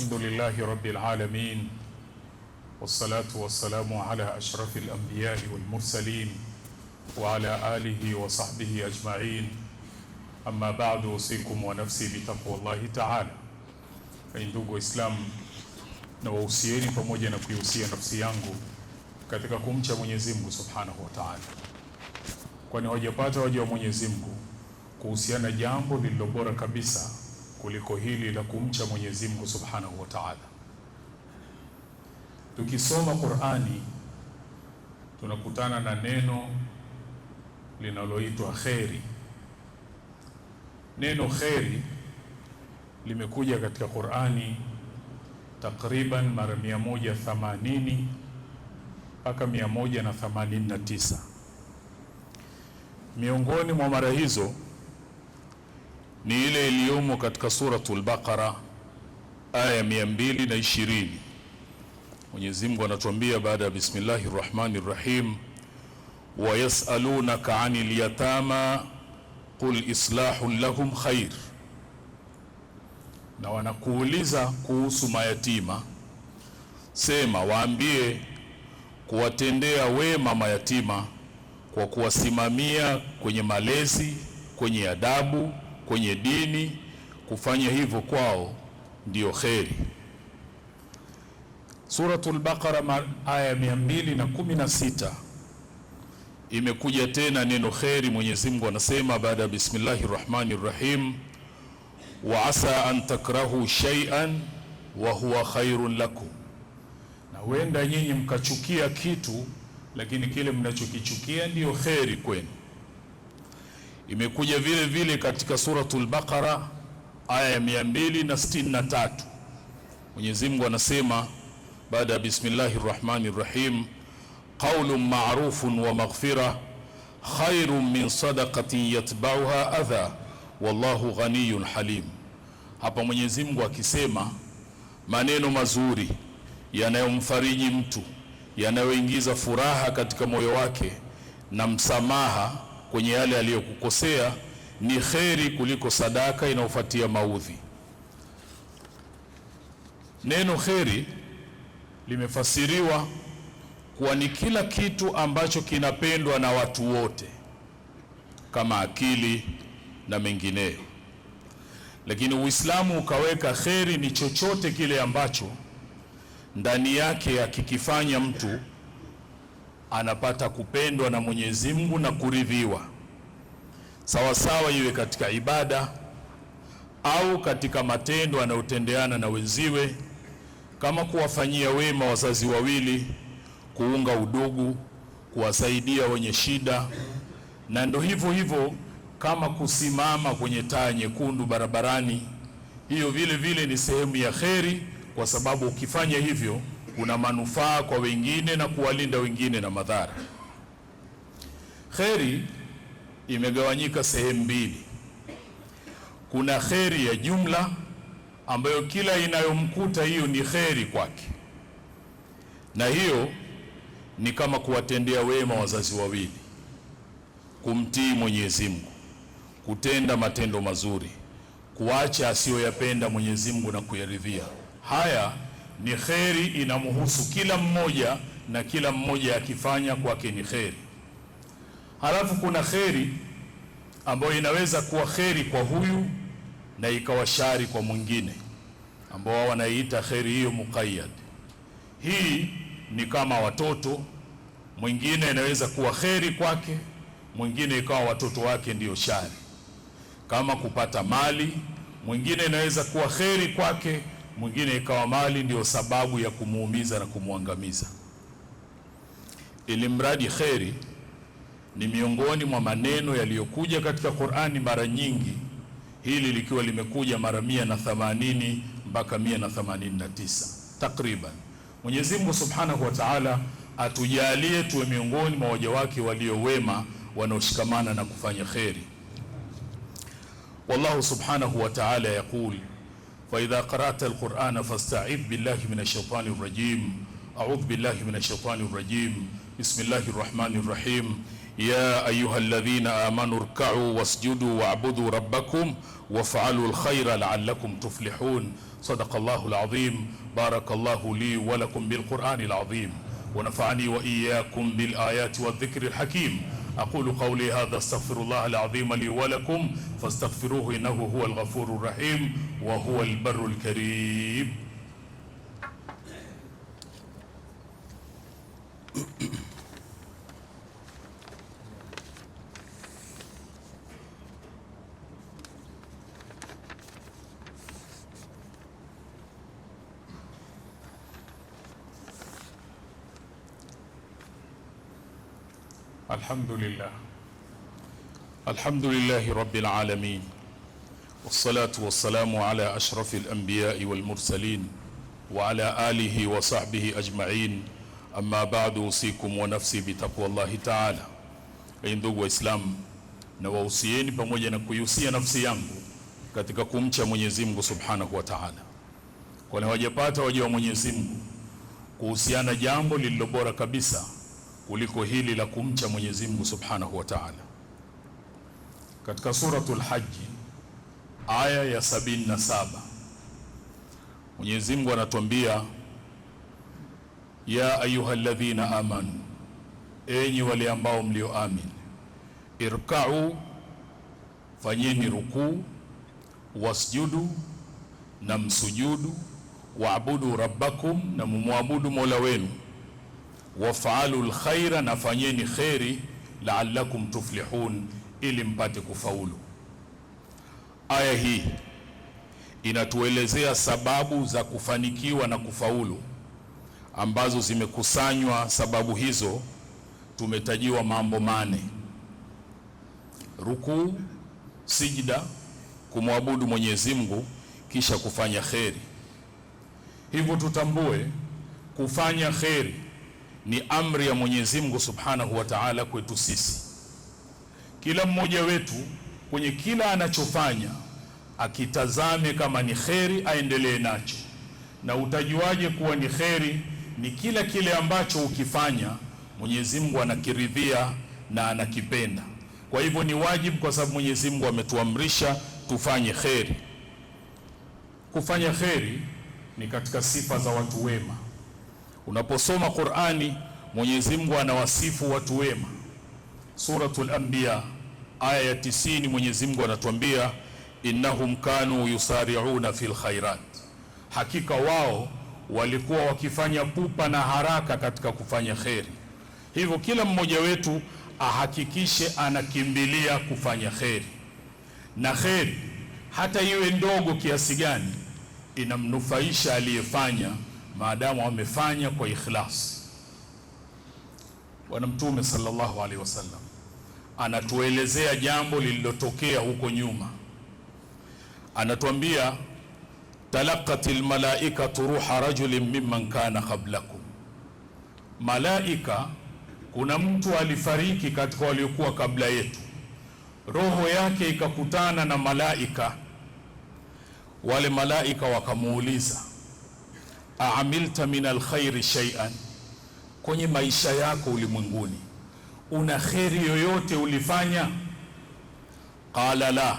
Alhamdulillahi rabbil alamin wassalatu wassalamu ala ashrafil anbiyai wal mursalin wa ala alihi wa sahbihi ajmain amma ba'du, usikum wa nafsi bitaqwallahi ta'ala. ai ndugu Waislamu, na wahusieni pamoja na kuihusia nafsi yangu katika kumcha Mwenyezi Mungu subhanahu wa ta'ala, kwani wajapata waja wa Mwenyezi Mungu kuhusiana jambo lililobora kabisa kuliko hili la kumcha Mwenyezi Mungu Subhanahu wa Ta'ala. Tukisoma Qur'ani tunakutana na neno linaloitwa kheri. Neno kheri limekuja katika Qur'ani takriban mara 180 mpaka 189. Miongoni mwa mara hizo ni ile iliyomo katika Suratul Baqara aya mia mbili na ishirini. Mwenyezi Mungu anatuambia baada ya bismillahi rahmani rahim, wa yasalunaka anil yatama qul islahun lahum khair, na wanakuuliza kuhusu mayatima, sema waambie kuwatendea wema mayatima kwa kuwasimamia kwenye malezi, kwenye adabu kwenye dini, kufanya hivyo kwao ndiyo kheri. Suratul Baqara aya ya 216 imekuja tena neno kheri. Mwenyezi Mungu anasema baada ya bismillahi rahmani rahim, wa asa an takrahu shay'an wa huwa khairun lakum, na huenda nyinyi mkachukia kitu, lakini kile mnachokichukia ndiyo kheri kwenu. Imekuja vile vile katika suratul Baqara aya ya 263. Mwenyezi Mungu anasema baada ya bismillahir rahmanir rahim, qaulun ma'rufun wa maghfira khairun min sadaqatin yatba'uha adha wallahu ghaniyun halim. Hapa Mwenyezi Mungu akisema maneno mazuri yanayomfariji mtu yanayoingiza furaha katika moyo wake na msamaha kwenye yale aliyokukosea ni kheri kuliko sadaka inayofuatia maudhi. Neno kheri limefasiriwa kuwa ni kila kitu ambacho kinapendwa na watu wote kama akili na mengineyo, lakini Uislamu ukaweka kheri ni chochote kile ambacho ndani yake akikifanya mtu anapata kupendwa na Mwenyezi Mungu na kuridhiwa, sawasawa iwe katika ibada au katika matendo anayotendeana na wenziwe, kama kuwafanyia wema wazazi wawili, kuunga udugu, kuwasaidia wenye shida, na ndo hivyo hivyo kama kusimama kwenye taa nyekundu barabarani. Hiyo vile vile ni sehemu ya kheri, kwa sababu ukifanya hivyo kuna manufaa kwa wengine na kuwalinda wengine na madhara. Kheri imegawanyika sehemu mbili. Kuna kheri ya jumla ambayo kila inayomkuta hiyo ni kheri kwake, na hiyo ni kama kuwatendea wema wazazi wawili, kumtii Mwenyezi Mungu, kutenda matendo mazuri, kuacha asiyoyapenda Mwenyezi Mungu na kuyaridhia. Haya ni kheri inamhusu kila mmoja na kila mmoja akifanya kwake ni kheri. Halafu kuna kheri ambayo inaweza kuwa kheri kwa huyu na ikawa shari kwa mwingine, ambao wanaiita kheri hiyo muqayyad. Hii ni kama watoto, mwingine inaweza kuwa kheri kwake, mwingine ikawa watoto wake ndiyo shari. Kama kupata mali, mwingine inaweza kuwa kheri kwake mwingine ikawa mali ndio sababu ya kumuumiza na kumwangamiza. ilimradi kheri ni miongoni mwa maneno yaliyokuja katika Qur'ani mara nyingi, hili likiwa limekuja mara mia mpaka 189 takriban. Mwenyezi Mungu Subhanahu wa Ta'ala atujalie tuwe miongoni mwa waja wake waliowema wanaoshikamana na kufanya kheri. Wallahu Subhanahu wa Ta'ala yaqul وإذا قرأت القرآن فاستعذ بالله من الشيطان الرجيم أعوذ بالله من الشيطان الرجيم بسم الله الرحمن الرحيم يا أيها الذين آمنوا اركعوا واسجدوا واعبدوا ربكم وافعلوا الخير لعلكم تفلحون صدق الله العظيم بارك الله لي ولكم بالقرآن العظيم ونفعني وإياكم بالآيات والذكر الحكيم أقول قولي هذا استغفر الله العظيم لي ولكم فاستغفروه إنه هو الغفور الرحيم وهو البر الكريم الحمد لله الحمد لله رب العالمين والصلاة والسلام على أشرف alihi والمرسلين وعلى آله وصحبه أجمعين usikum بعد أوصيكم ونفسي بتقوى الله تعالى ndugu Waislamu na wahusieni pamoja na kuihusia nafsi yangu katika kumcha Mwenyezi Mungu Subhanahu wa Ta'ala, kwani hawajapata waja wa Mwenyezi Mungu kuhusiana jambo lililo bora kabisa kuliko hili la kumcha Mwenyezi Mungu Subhanahu wa Ta'ala. Katika suratul Hajj aya ya sabini na saba Mwenyezi Mungu anatuambia ya ayyuhalladhina amanu, enyi wale ambao mlioamini, irkau, fanyeni rukuu, wasjudu, na msujudu, waabudu rabbakum, na mumwabudu mola wenu wafaalu lkhaira, nafanyeni kheri, laalakum tuflihun, ili mpate kufaulu. Aya hii inatuelezea sababu za kufanikiwa na kufaulu ambazo zimekusanywa. Sababu hizo tumetajiwa mambo mane: rukuu, sijida, kumwabudu Mwenyezi Mungu, kisha kufanya kheri. Hivyo tutambue kufanya kheri ni amri ya Mwenyezi Mungu Subhanahu wa Ta'ala kwetu sisi. Kila mmoja wetu kwenye kila anachofanya akitazame kama ni kheri aendelee nacho. Na utajuaje kuwa ni kheri? Ni kila kile ambacho ukifanya Mwenyezi Mungu anakiridhia na anakipenda. Kwa hivyo ni wajibu, kwa sababu Mwenyezi Mungu ametuamrisha tufanye kheri. Kufanya kheri ni katika sifa za watu wema. Unaposoma Qur'ani, Mwenyezi Mungu anawasifu watu wema. Suratul Anbiya aya ya 90, Mwenyezi Mungu anatuambia innahum kanu yusari'una fil khairat, hakika wao walikuwa wakifanya pupa na haraka katika kufanya kheri. Hivyo kila mmoja wetu ahakikishe anakimbilia kufanya kheri, na kheri hata iwe ndogo kiasi gani inamnufaisha aliyefanya maadamu wamefanya kwa ikhlas. Bwana Mtume sallallahu alaihi wasallam anatuelezea jambo lililotokea huko nyuma, anatuambia talaqatil lmalaikatu ruha rajulin mimman kana qablakum, malaika kuna mtu alifariki katika waliokuwa kabla yetu, roho yake ikakutana na malaika. Wale malaika wakamuuliza aamilta min alkhairi shay'an, kwenye maisha yako ulimwenguni una kheri yoyote ulifanya? Qala la,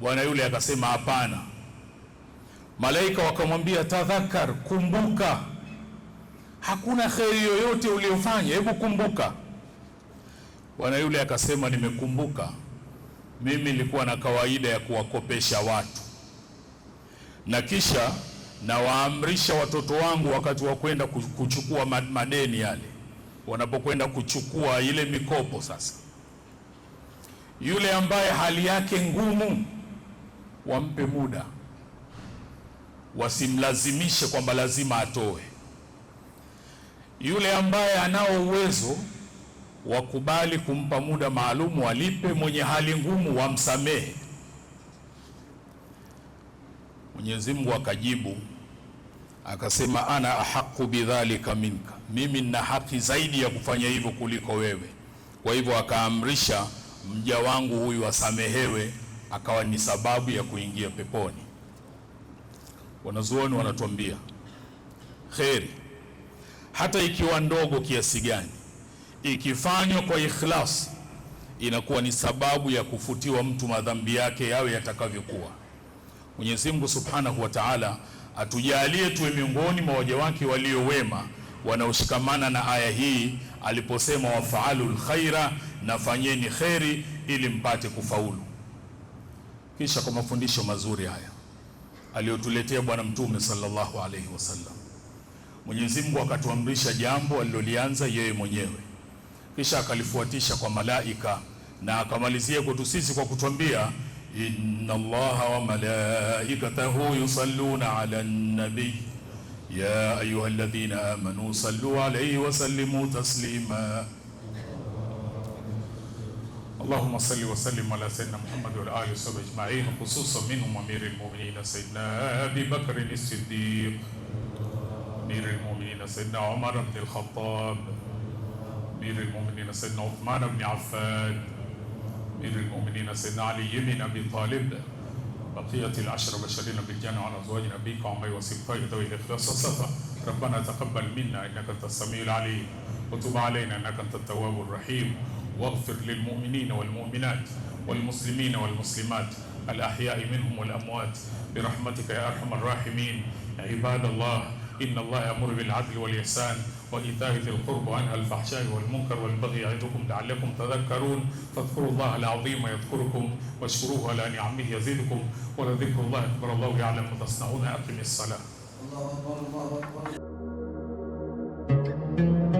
bwana yule akasema hapana. Malaika wakamwambia tadhakar, kumbuka, hakuna kheri yoyote uliyofanya, hebu kumbuka. Bwana yule akasema nimekumbuka, mimi nilikuwa na kawaida ya kuwakopesha watu na kisha nawaamrisha watoto wangu wakati wa kwenda kuchukua madeni yale, wanapokwenda kuchukua ile mikopo sasa, yule ambaye hali yake ngumu wampe muda, wasimlazimishe kwamba lazima atoe. Yule ambaye anao uwezo wakubali kumpa muda maalum walipe. Mwenye hali ngumu wamsamehe. Mwenyezi Mungu akajibu Akasema ana ahaqu bidhalika minka, mimi nina haki zaidi ya kufanya hivyo kuliko wewe. Kwa hivyo akaamrisha mja wangu huyu asamehewe, akawa ni sababu ya kuingia peponi. Wanazuoni wanatuambia kheri, hata ikiwa ndogo kiasi gani, ikifanywa kwa ikhlasi, inakuwa ni sababu ya kufutiwa mtu madhambi yake yawe yatakavyokuwa. Mwenyezi Mungu Subhanahu wa Ta'ala atujalie tuwe miongoni mwa waja wake walio wema wanaoshikamana na aya hii aliposema, wafaalu khaira, nafanyeni kheri ili mpate kufaulu. Kisha kwa mafundisho mazuri haya aliyotuletea Bwana Mtume sallallahu alaihi wasallam, Mwenyezi Mungu akatuamrisha jambo alilolianza yeye mwenyewe, kisha akalifuatisha kwa malaika na akamalizia kwetu sisi kwa kutuambia إن الله وملائكته يصلون على النبي يا أيها الذين آمنوا صلوا عليه وسلموا تسليما اللهم صل وسلم على سيدنا محمد وعلى آله وصحبه أجمعين خصوصا منهم أمير المؤمنين سيدنا أبي بكر الصديق أمير المؤمنين سيدنا عمر بن الخطاب أمير المؤمنين سيدنا عثمان بن عفان امير المؤمنين سيدنا علي بن ابي طالب بقية العشر بشرين بالجنة على أزواج نبيك وعمي وسبطي ذوي الإخلاص والصفا ربنا تقبل منا إنك أنت السميع العليم وتب علينا إنك أنت التواب الرحيم واغفر للمؤمنين والمؤمنات والمسلمين والمسلمات الأحياء منهم والأموات برحمتك يا أرحم الراحمين عباد الله إن الله يأمر بالعدل والإحسان وإيتاء ذي القرب وينهى الفحشاء والمنكر والبغي يعظكم لعلكم تذكرون فاذكروا الله العظيم يذكركم واشكروه على نعمه يزدكم ولذكر الله أكبر الله يعلم ما تصنعون أقم الصلاة الله أكبر الله أكبر